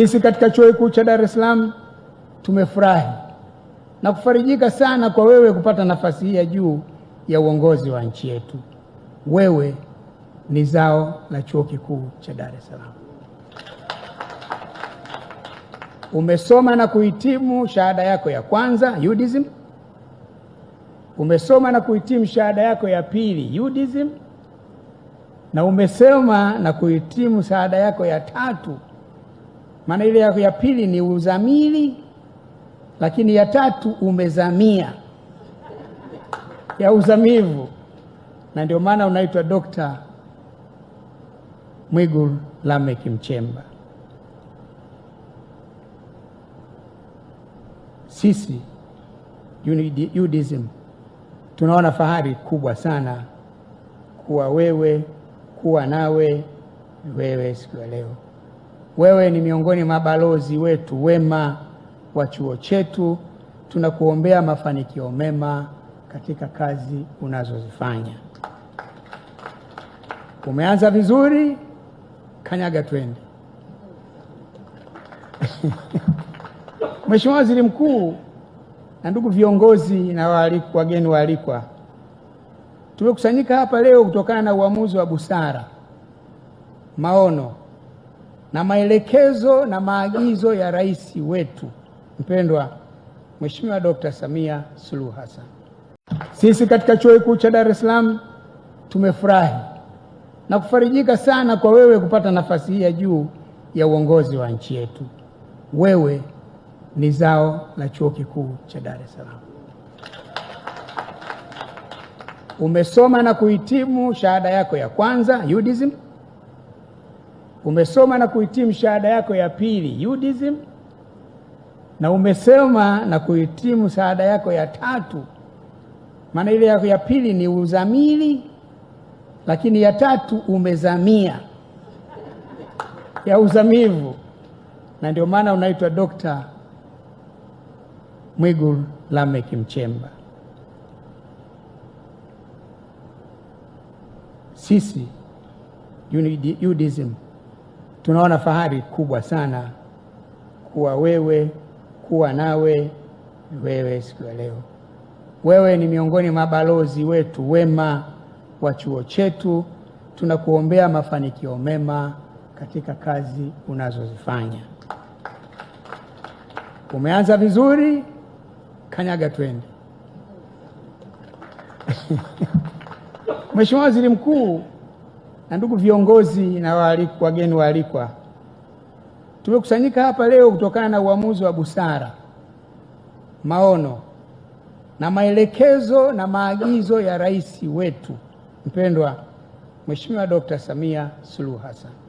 Sisi katika chuo kikuu cha Dar es Salaam tumefurahi na kufarijika sana kwa wewe kupata nafasi hii ya juu ya uongozi wa nchi yetu. Wewe ni zao la chuo kikuu cha Dar es Salaam. Umesoma na kuhitimu shahada yako ya kwanza UDSM, umesoma na kuhitimu shahada yako ya pili UDSM, na umesoma na kuhitimu shahada yako ya tatu maana ile ya pili ni uzamili, lakini ya tatu umezamia, ya uzamivu, na ndio maana unaitwa Dokta Mwigulu Lameck Nchemba. Sisi UDSM tunaona fahari kubwa sana kuwa wewe kuwa nawe wewe siku ya leo. Wewe ni miongoni mwa balozi wetu wema wa chuo chetu. Tunakuombea mafanikio mema katika kazi unazozifanya. Umeanza vizuri, kanyaga twende. Mheshimiwa Waziri Mkuu na ndugu viongozi na waalikwa, wageni waalikwa, tumekusanyika hapa leo kutokana na uamuzi wa busara, maono na maelekezo na maagizo ya rais wetu mpendwa Mheshimiwa Dkt. Samia Suluhu Hassan. Sisi katika Chuo Kikuu cha Dar es Salaam tumefurahi na kufarijika sana kwa wewe kupata nafasi hii ya juu ya uongozi wa nchi yetu. Wewe ni zao la Chuo Kikuu cha Dar es Salaam. Umesoma na kuhitimu shahada yako ya kwanza UDSM umesoma na kuhitimu shahada yako ya pili Judaism, na umesoma na kuhitimu shahada yako ya tatu. Maana ile yako ya pili ni uzamili, lakini ya tatu umezamia ya uzamivu, na ndio maana unaitwa Dokta Mwigulu Lameck Nchemba. Sisi UDSM Tunaona fahari kubwa sana kuwa wewe kuwa nawe wewe siku ya leo. Wewe ni miongoni mwa balozi wetu wema wa chuo chetu. Tunakuombea mafanikio mema katika kazi unazozifanya. Umeanza vizuri, kanyaga twende. Mheshimiwa Waziri Mkuu na ndugu viongozi na wageni waalikwa, tumekusanyika hapa leo kutokana na uamuzi wa busara, maono na maelekezo na maagizo ya rais wetu mpendwa Mheshimiwa Dr. Samia Suluhu Hassan.